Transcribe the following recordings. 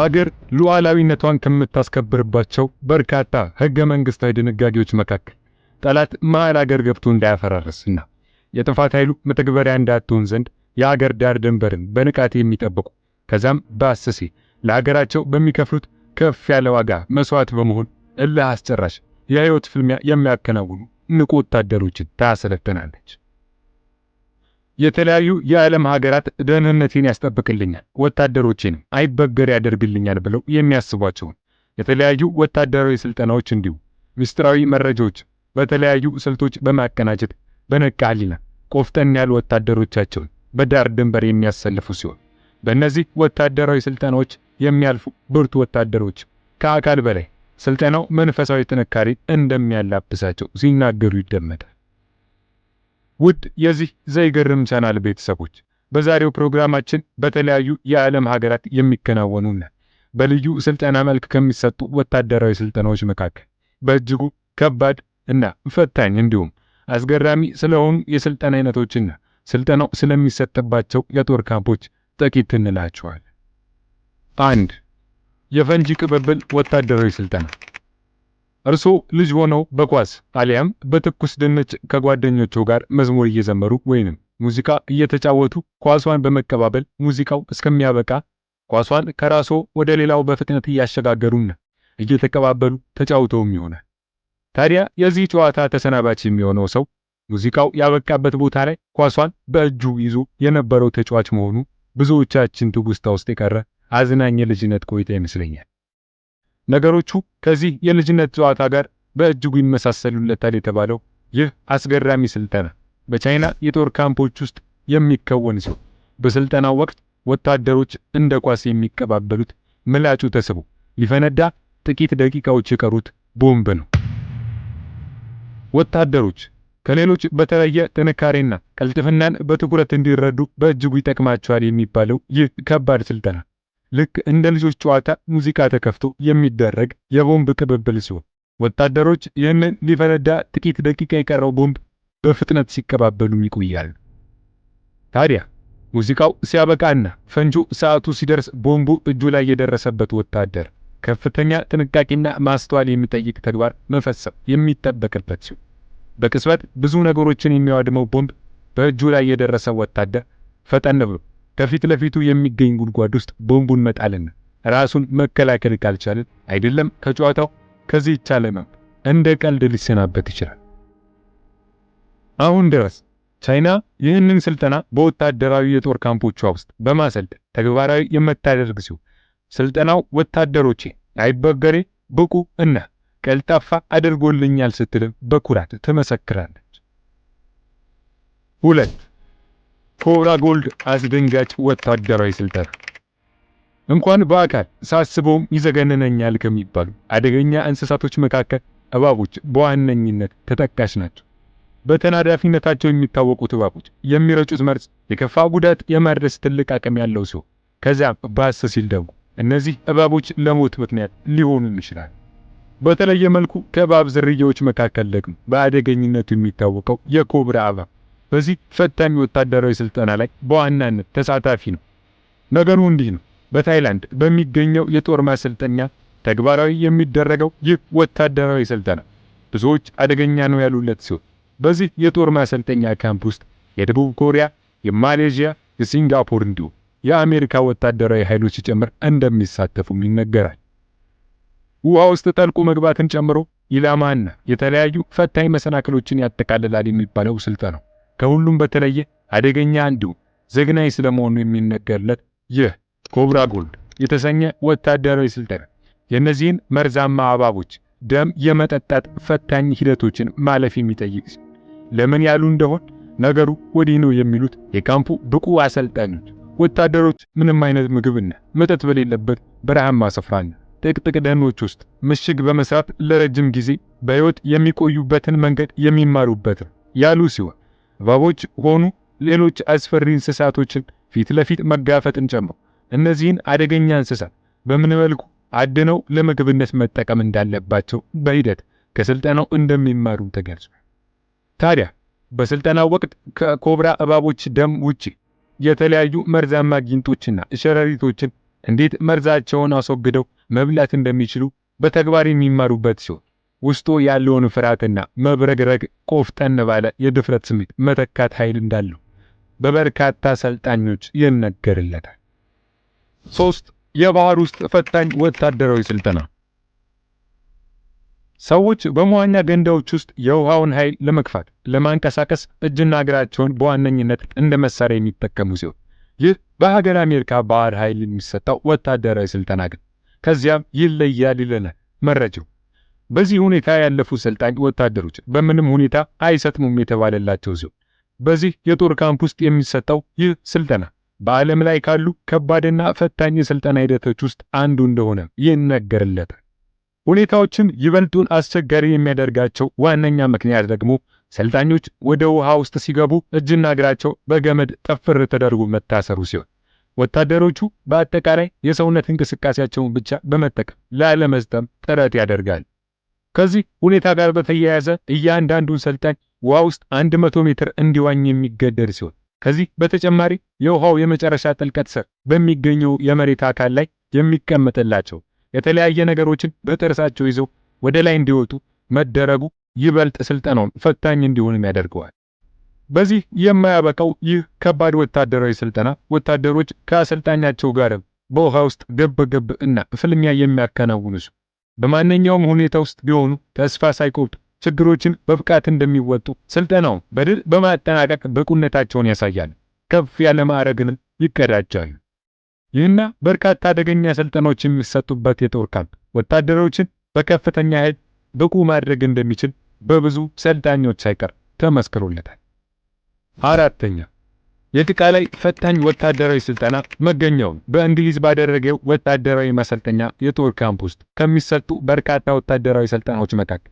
ሀገር ሉዓላዊነቷን ከምታስከብርባቸው በርካታ ህገ መንግሥታዊ ድንጋጌዎች መካከል ጠላት መሃል አገር ገብቶ እንዳያፈራርስና የጥፋት ኃይሉ መተግበሪያ እንዳትሆን ዘንድ የአገር ዳር ድንበርን በንቃት የሚጠብቁ ከዛም በአሰሴ ለሀገራቸው በሚከፍሉት ከፍ ያለ ዋጋ መስዋዕት በመሆን እልህ አስጨራሽ የሕይወት ፍልሚያ የሚያከናውኑ ንቁ ወታደሮችን ታሰለጥናለች። የተለያዩ የዓለም ሀገራት ደህንነቴን ያስጠብቅልኛል፣ ወታደሮቼንም አይበገር ያደርግልኛል ብለው የሚያስቧቸውን የተለያዩ ወታደራዊ ስልጠናዎች እንዲሁ ምስጢራዊ መረጃዎች በተለያዩ ስልቶች በማቀናጀት በነቃ ሕሊና ቆፍጠን ያሉ ወታደሮቻቸውን በዳር ድንበር የሚያሰልፉ ሲሆን በእነዚህ ወታደራዊ ስልጠናዎች የሚያልፉ ብርቱ ወታደሮች ከአካል በላይ ስልጠናው መንፈሳዊ ጥንካሬ እንደሚያላብሳቸው ሲናገሩ ይደመጣል። ውድ የዚህ ዘይገርም ቻናል ቤተሰቦች በዛሬው ፕሮግራማችን በተለያዩ የዓለም ሀገራት የሚከናወኑና በልዩ ስልጠና መልክ ከሚሰጡ ወታደራዊ ስልጠናዎች መካከል በእጅጉ ከባድ እና ፈታኝ እንዲሁም አስገራሚ ስለሆኑ የስልጠና አይነቶችና ስልጠናው ስለሚሰጥባቸው የጦር ካምፖች ጥቂት እንላችኋለን። አንድ የፈንጂ ቅብብል ወታደራዊ ስልጠና እርሶ ልጅ ሆነው በኳስ አሊያም በትኩስ ድንች ከጓደኞቹ ጋር መዝሙር እየዘመሩ ወይንም ሙዚቃ እየተጫወቱ ኳሷን በመቀባበል ሙዚቃው እስከሚያበቃ ኳሷን ከራሶ ወደ ሌላው በፍጥነት እያሸጋገሩና እየተቀባበሉ ተጫውተውም ይሆናል። ታዲያ የዚህ ጨዋታ ተሰናባች የሚሆነው ሰው ሙዚቃው ያበቃበት ቦታ ላይ ኳሷን በእጁ ይዞ የነበረው ተጫዋች መሆኑ ብዙዎቻችን ትውስታ ውስጥ የቀረ አዝናኝ ልጅነት ቆይታ ይመስለኛል። ነገሮቹ ከዚህ የልጅነት ጨዋታ ጋር በእጅጉ ይመሳሰሉለታል የተባለው ይህ አስገራሚ ስልጠና በቻይና የጦር ካምፖች ውስጥ የሚከወን ሲሆን በስልጠናው ወቅት ወታደሮች እንደ ኳስ የሚቀባበሉት ምላጩ ተስቦ ሊፈነዳ ጥቂት ደቂቃዎች የቀሩት ቦምብ ነው። ወታደሮች ከሌሎች በተለየ ጥንካሬና ቅልጥፍናን በትኩረት እንዲረዱ በእጅጉ ይጠቅማቸዋል የሚባለው ይህ ከባድ ስልጠና ልክ እንደ ልጆች ጨዋታ ሙዚቃ ተከፍቶ የሚደረግ የቦምብ ቅብብል ሲሆን ወታደሮች ይህንን ሊፈነዳ ጥቂት ደቂቃ የቀረው ቦምብ በፍጥነት ሲቀባበሉ ይቆያል። ታዲያ ሙዚቃው ሲያበቃና ፈንጁ ሰዓቱ ሲደርስ ቦምቡ እጁ ላይ የደረሰበት ወታደር ከፍተኛ ጥንቃቄና ማስተዋል የሚጠይቅ ተግባር መፈጸም የሚጠበቅበት ሲሆን በቅጽበት ብዙ ነገሮችን የሚያወድመው ቦምብ በእጁ ላይ የደረሰ ወታደር ፈጠን ብሎ ከፊት ለፊቱ የሚገኝ ጉድጓድ ውስጥ ቦምቡን መጣልና ራሱን መከላከል ካልቻልን አይደለም ከጨዋታው ከዚህች ዓለም እንደ ቀልድ ሊሰናበት ይችላል። አሁን ድረስ ቻይና ይህንን ስልጠና በወታደራዊ የጦር ካምፖቿ ውስጥ በማሰልጠን ተግባራዊ የምታደርግ ሲሆን ስልጠናው ወታደሮቼ አይበገሬ፣ ብቁ እና ቀልጣፋ አድርጎልኛል ስትልም በኩራት ትመሰክራለች። ሁለት ኮብራ ጎልድ አስደንጋጭ ወታደራዊ ስልጠና እንኳን በአካል ሳስበውም ይዘገነነኛል ከሚባሉ አደገኛ እንስሳቶች መካከል እባቦች በዋነኝነት ተጠቃሽ ናቸው። በተናዳፊነታቸው የሚታወቁት እባቦች የሚረጩት መርዝ የከፋ ጉዳት የማድረስ ትልቅ አቅም ያለው ሲሆን ከዚያም ባሰ ሲል ደግሞ እነዚህ እባቦች ለሞት ምክንያት ሊሆኑ ይችላል። በተለየ መልኩ ከእባብ ዝርያዎች መካከል ደግሞ በአደገኝነቱ የሚታወቀው የኮብራ እባብ በዚህ ፈታኝ ወታደራዊ ስልጠና ላይ በዋናነት ተሳታፊ ነው። ነገሩ እንዲህ ነው። በታይላንድ በሚገኘው የጦር ማሰልጠኛ ተግባራዊ የሚደረገው ይህ ወታደራዊ ስልጠና ብዙዎች አደገኛ ነው ያሉለት ሲሆን በዚህ የጦር ማሰልጠኛ ካምፕ ውስጥ የደቡብ ኮሪያ፣ የማሌዥያ፣ የሲንጋፖር እንዲሁም የአሜሪካ ወታደራዊ ኃይሎች ጭምር እንደሚሳተፉም ይነገራል። ውሃ ውስጥ ጠልቆ መግባትን ጨምሮ ኢላማና የተለያዩ ፈታኝ መሰናክሎችን ያጠቃልላል የሚባለው ስልጠናው ከሁሉም በተለየ አደገኛ እንዲሁም ዘግናኝ ስለመሆኑ የሚነገርለት ይህ ኮብራ ጎልድ የተሰኘ ወታደራዊ ስልጠና የእነዚህን መርዛማ እባቦች ደም የመጠጣት ፈታኝ ሂደቶችን ማለፍ የሚጠይቅ ሲሆን ለምን ያሉ እንደሆን ነገሩ ወዲህ ነው የሚሉት የካምፑ ብቁ አሰልጣኞች ወታደሮች ምንም አይነት ምግብና መጠጥ በሌለበት በረሃማ ስፍራና ጥቅጥቅ ደኖች ውስጥ ምሽግ በመስራት ለረጅም ጊዜ በሕይወት የሚቆዩበትን መንገድ የሚማሩበት ያሉ ሲሆን እባቦች ሆኑ ሌሎች አስፈሪ እንስሳቶችን ፊት ለፊት መጋፈጥን ጨምሮ እነዚህን አደገኛ እንስሳት በምን መልኩ አድነው ለምግብነት መጠቀም እንዳለባቸው በሂደት ከስልጠናው እንደሚማሩ ተገልጿል። ታዲያ በስልጠናው ወቅት ከኮብራ እባቦች ደም ውጪ የተለያዩ መርዛማ ጊንጦችና ሸረሪቶችን እንዴት መርዛቸውን አስወግደው መብላት እንደሚችሉ በተግባር የሚማሩበት ሲሆን ውስጡ ያለውን ፍርሃትና መብረግረግ ቆፍጠን ባለ የድፍረት ስሜት መተካት ኃይል እንዳለው በበርካታ ሰልጣኞች ይነገርለታል። ሶስት የባህር ውስጥ ፈታኝ ወታደራዊ ስልጠና ሰዎች በመዋኛ ገንዳዎች ውስጥ የውሃውን ኃይል ለመግፋት ለማንቀሳቀስ እጅና እግራቸውን በዋነኝነት እንደ መሳሪያ የሚጠቀሙ ሲሆን ይህ በሀገር አሜሪካ ባህር ኃይል የሚሰጠው ወታደራዊ ስልጠና ግን ከዚያም ይለያል ይለናል መረጃው። በዚህ ሁኔታ ያለፉ ሰልጣኝ ወታደሮች በምንም ሁኔታ አይሰጥሙም የተባለላቸው ሲሆን በዚህ የጦር ካምፕ ውስጥ የሚሰጠው ይህ ስልጠና በዓለም ላይ ካሉ ከባድና ፈታኝ የስልጠና ሂደቶች ውስጥ አንዱ እንደሆነ ይነገርለታል። ሁኔታዎችን ይበልጡን አስቸጋሪ የሚያደርጋቸው ዋነኛ ምክንያት ደግሞ ሰልጣኞች ወደ ውሃ ውስጥ ሲገቡ እጅና እግራቸው በገመድ ጠፍር ተደርጎ መታሰሩ ሲሆን ወታደሮቹ በአጠቃላይ የሰውነት እንቅስቃሴያቸውን ብቻ በመጠቀም ላለመዝጠም ጥረት ያደርጋል። ከዚህ ሁኔታ ጋር በተያያዘ እያንዳንዱን ሰልጣኝ ውሃ ውስጥ 100 ሜትር እንዲዋኝ የሚገደድ ሲሆን ከዚህ በተጨማሪ የውሃው የመጨረሻ ጥልቀት ስር በሚገኘው የመሬት አካል ላይ የሚቀመጥላቸው የተለያየ ነገሮችን በጥርሳቸው ይዘው ወደ ላይ እንዲወጡ መደረጉ ይበልጥ ስልጠናውን ፈታኝ እንዲሆንም ያደርገዋል። በዚህ የማያበቃው ይህ ከባድ ወታደራዊ ስልጠና ወታደሮች ከአሰልጣኛቸው ጋርም በውሃ ውስጥ ገብ ገብ እና ፍልሚያ የሚያከናውኑ በማንኛውም ሁኔታ ውስጥ ቢሆኑ ተስፋ ሳይቆርጡ ችግሮችን በብቃት እንደሚወጡ ስልጠናው በድል በማጠናቀቅ ብቁነታቸውን ያሳያል። ከፍ ያለ ማዕረግን ይቀዳጃሉ። ይህና በርካታ አደገኛ ስልጠናዎች የሚሰጡበት የጦር ካምፕ ወታደሮችን በከፍተኛ ኃይል ብቁ ማድረግ እንደሚችል በብዙ ሰልጣኞች ሳይቀር ተመስክሮለታል። አራተኛ ላይ ፈታኝ ወታደራዊ ስልጠና መገኘው በእንግሊዝ ባደረገው ወታደራዊ ማሰልጠኛ የጦር ካምፕ ውስጥ ከሚሰጡ በርካታ ወታደራዊ ስልጠናዎች መካከል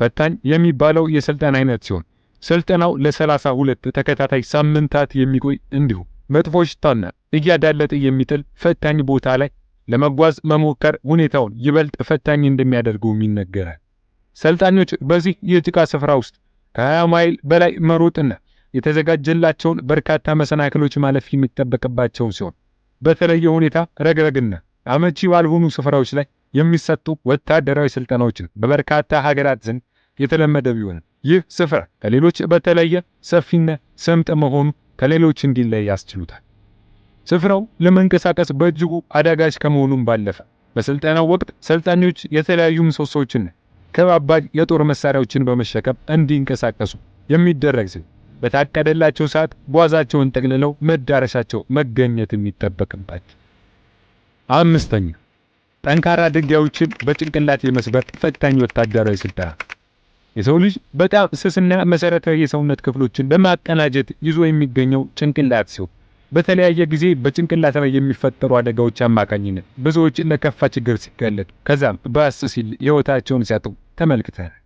ፈታኝ የሚባለው የስልጠና አይነት ሲሆን ስልጠናው ለ32 ተከታታይ ሳምንታት የሚቆይ እንዲሁም መጥፎ ሽታና እያዳለጠ የሚጥል ፈታኝ ቦታ ላይ ለመጓዝ መሞከር ሁኔታውን ይበልጥ ፈታኝ እንደሚያደርገው ይነገራል። ሰልጣኞች በዚህ የጭቃ ስፍራ ውስጥ ከ20 ማይል በላይ መሮጥና የተዘጋጀላቸውን በርካታ መሰናክሎች ማለፍ የሚጠበቅባቸው ሲሆን በተለየ ሁኔታ ረግረግና አመቺ ባልሆኑ ስፍራዎች ላይ የሚሰጡ ወታደራዊ ስልጠናዎችን በበርካታ ሀገራት ዘንድ የተለመደ ቢሆንም ይህ ስፍራ ከሌሎች በተለየ ሰፊና ሰምጥ መሆኑ ከሌሎች እንዲለይ ያስችሉታል። ስፍራው ለመንቀሳቀስ በእጅጉ አዳጋች ከመሆኑም ባለፈ በስልጠናው ወቅት ሰልጣኞች የተለያዩ ምሰሶዎችን ከባባድ የጦር መሳሪያዎችን በመሸከም እንዲንቀሳቀሱ የሚደረግ ሲሆን በታቀደላቸው ሰዓት ጓዛቸውን ጠቅልለው መዳረሻቸው መገኘት የሚጠበቅባቸው። አምስተኛ ጠንካራ ድንጋዮችን በጭንቅላት የመስበር ፈታኝ ወታደራዊ ስልጠና። የሰው ልጅ በጣም ስስና መሰረታዊ የሰውነት ክፍሎችን በማቀናጀት ይዞ የሚገኘው ጭንቅላት ሲሆን በተለያየ ጊዜ በጭንቅላት ላይ የሚፈጠሩ አደጋዎች አማካኝነት ብዙዎች ለከፋ ችግር ሲጋለጡ ከዛም ባስ ሲል ሕይወታቸውን ሲያጡ ተመልክተናል።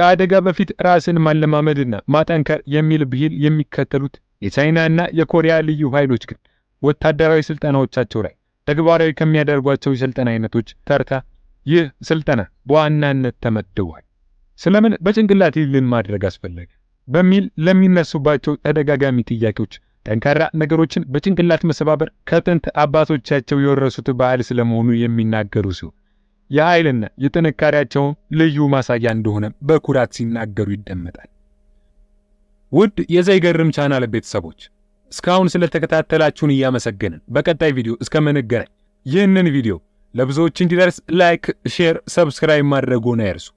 ከአደጋ በፊት ራስን ማለማመድና ማጠንከር የሚል ብሂል የሚከተሉት የቻይናና የኮሪያ ልዩ ኃይሎች ግን ወታደራዊ ስልጠናዎቻቸው ላይ ተግባራዊ ከሚያደርጓቸው የስልጠና አይነቶች ተርታ ይህ ስልጠና በዋናነት ተመድቧል። ስለምን በጭንቅላት ይልን ማድረግ አስፈለገ በሚል ለሚነሱባቸው ተደጋጋሚ ጥያቄዎች ጠንካራ ነገሮችን በጭንቅላት መሰባበር ከጥንት አባቶቻቸው የወረሱት ባህል ስለመሆኑ የሚናገሩ ሲሆን የኃይልና የጥንካሬያቸውን ልዩ ማሳያ እንደሆነ በኩራት ሲናገሩ ይደመጣል። ውድ የዘይገርም ቻናል ቤተሰቦች እስካሁን ስለተከታተላችሁን እያመሰገንን በቀጣይ ቪዲዮ እስከምንገናኝ ይህንን ቪዲዮ ለብዙዎች እንዲደርስ ላይክ፣ ሼር፣ ሰብስክራይብ ማድረግዎን አይርሱ።